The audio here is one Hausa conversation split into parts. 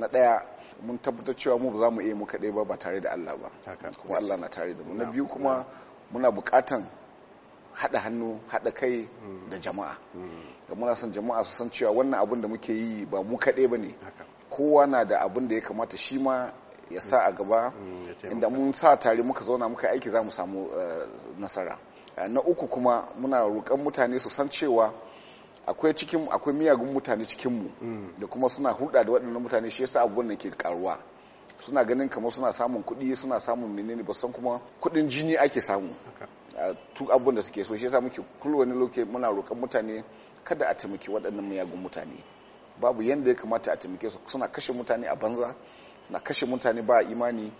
na ɗaya mun tabbatar cewa mu ba za mu iya mu kaɗai ba ba tare da Allah ba kuma Allah na tare da mu na biyu kuma muna buƙatan haɗa hannu haɗa kai hmm. da jama'a hmm. da muna son jama'a su san cewa wannan abin da muke yi ba mu kaɗai ba ne kowa na da abin da ya kamata shi ma ya sa a gaba hmm, inda mun sa tare muka zauna muka aiki za mu samu eh, nasara eh, na uku kuma muna roƙon mutane su san cewa akwai cikin akwai miyagun mutane cikin mu da kuma suna hulɗa da waɗannan mutane shi yasa abubuwan nan ke karuwa suna ganin kamar suna samun kuɗi suna samun menene ba san kuma kuɗin jini ake samu Tu abubuwan da suke so shi yasa muke wani loke muna roƙon mutane kada a taimaki waɗannan miyagun mutane babu yanda ya kamata a taimake su suna kashe mutane a banza suna kashe mutane ba imani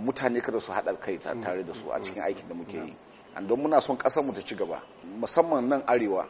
mutane kada su haɗa kai tare da su a cikin mm. aikin da muke mm. yi don muna son mu ta ci gaba musamman nan arewa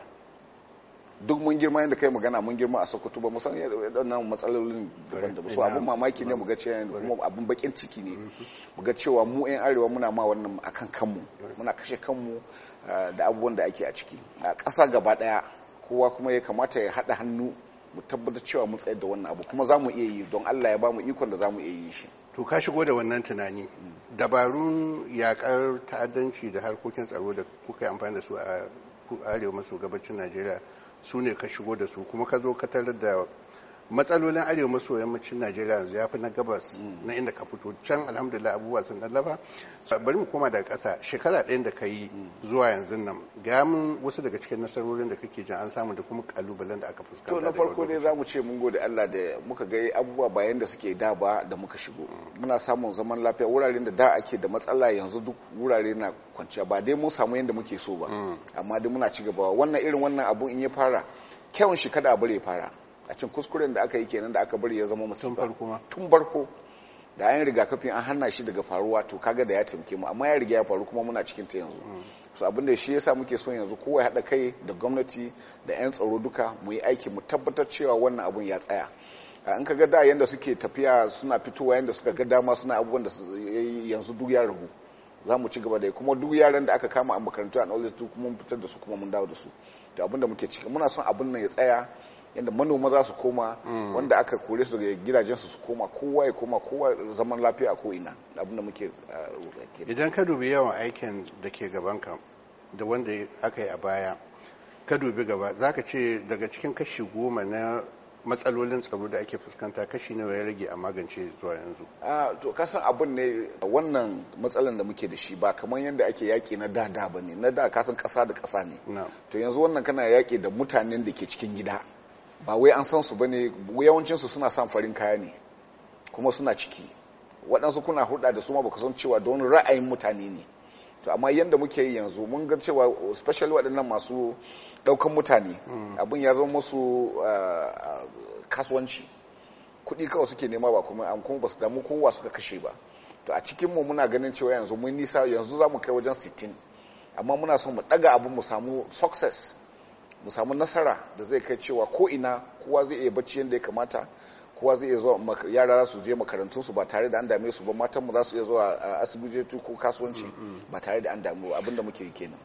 duk mun girma yadda kai magana mun girma a sokoto ba musan waɗannan matsalolin daban da su abin mamaki ne mu ga cewa kuma abin bakin ciki ne mm-hmm. mu ga cewa mu yan arewa muna ma wannan akan kanmu muna kashe kanmu eh, da abubuwan da ake a ciki a ƙasa gaba ɗaya kowa kuma ya kamata ya haɗa hannu mu tabbatar cewa mun tsayar da wannan abu kuma za mu iya yi don Allah ya ba mu ikon da za mu iya yi shi to ka shigo da wannan tunani mm. dabarun yakar ta'addanci da harkokin tsaro da kuka amfani da su a arewa maso gabacin Najeriya su ne ka shigo da su kuma ka zo ka tarar da matsalolin arewa maso yammacin najeriya yanzu ya fi na gabas na inda ka fito can alhamdulillah abubuwa sun lallaba bari mu koma daga ƙasa shekara ɗayan da ka yi zuwa yanzu nan ga mun wasu daga cikin nasarorin da kake jin an samu da kuma kalubalen da aka fuskanta to na farko ne za mu ce mun gode Allah da muka ga abubuwa bayan da suke da ba da muka shigo muna samun zaman lafiya wuraren da da ake da matsala yanzu duk wurare na kwanciya ba dai mun samu yadda muke so ba mm. amma dai muna ci gaba wannan irin wannan abun in ya fara kyawun shi kada a bari ya fara a cin kuskuren da aka yi kenan da aka bari ya zama musu tun barko. da an rigakafin an hana shi daga faruwa to kaga da ya taimake mu amma ya riga ya faru kuma muna cikin ta yanzu mm. so abinda shi yasa muke so yanzu kowa ya hada kai da gwamnati da 'yan tsaro duka mu yi aiki mu tabbatar cewa wannan abun ya tsaya in ka ga da yanda suke tafiya suna fitowa yanda suka ga dama suna abubuwan da yanzu duk ya ragu za mu ci gaba da kuma duk yaran da aka kama a makarantu a knowledge kuma mun fitar da su kuma mun dawo da su da abin da muke ciki muna son abin nan ya tsaya yadda manoma za su koma mm. wanda aka kore su daga gidajensu su koma kowa ya koma kowa zaman lafiya ko ina abinda muke ah, idan ka dubi yawan aikin da ke gabanka da wanda aka yi a baya ka dubi gaba za ka ce daga cikin kashi goma na matsalolin tsaro da ake fuskanta kashi nawa ya rage a magance zuwa yanzu a ah, to kasan abin ne wannan matsalan da muke da shi ba kamar yadda ake yaki na da da ne na da kasan kasa da kasa ne to yanzu wannan kana yaki da mutanen da ke cikin gida ba wai an san su bane yawancinsu suna san farin kaya ne kuma suna ciki waɗansu kuna hulɗa da su ma baka san cewa don ra'ayin mutane ne to amma yadda muke yi yanzu mun ga cewa special waɗannan masu ɗaukan mutane mm. abin ya zama musu ah, ah, kasuwanci kuɗi kawai suke nema ba kuma an kuma ba su damu kowa suka kashe ba to a cikinmu muna ganin cewa yanzu mun nisa yanzu za mu kai wajen 60 amma muna son mu ɗaga abin mu samu success mu samu nasara da zai kai cewa ko ina kowa zai iya bacci yadda ya kamata kowa zai iya zuwa yara za su je makarantunsu ba tare da an dame su ba matanmu za su iya zuwa asibiti ko kasuwanci ba tare da an damu abinda muke yi kenan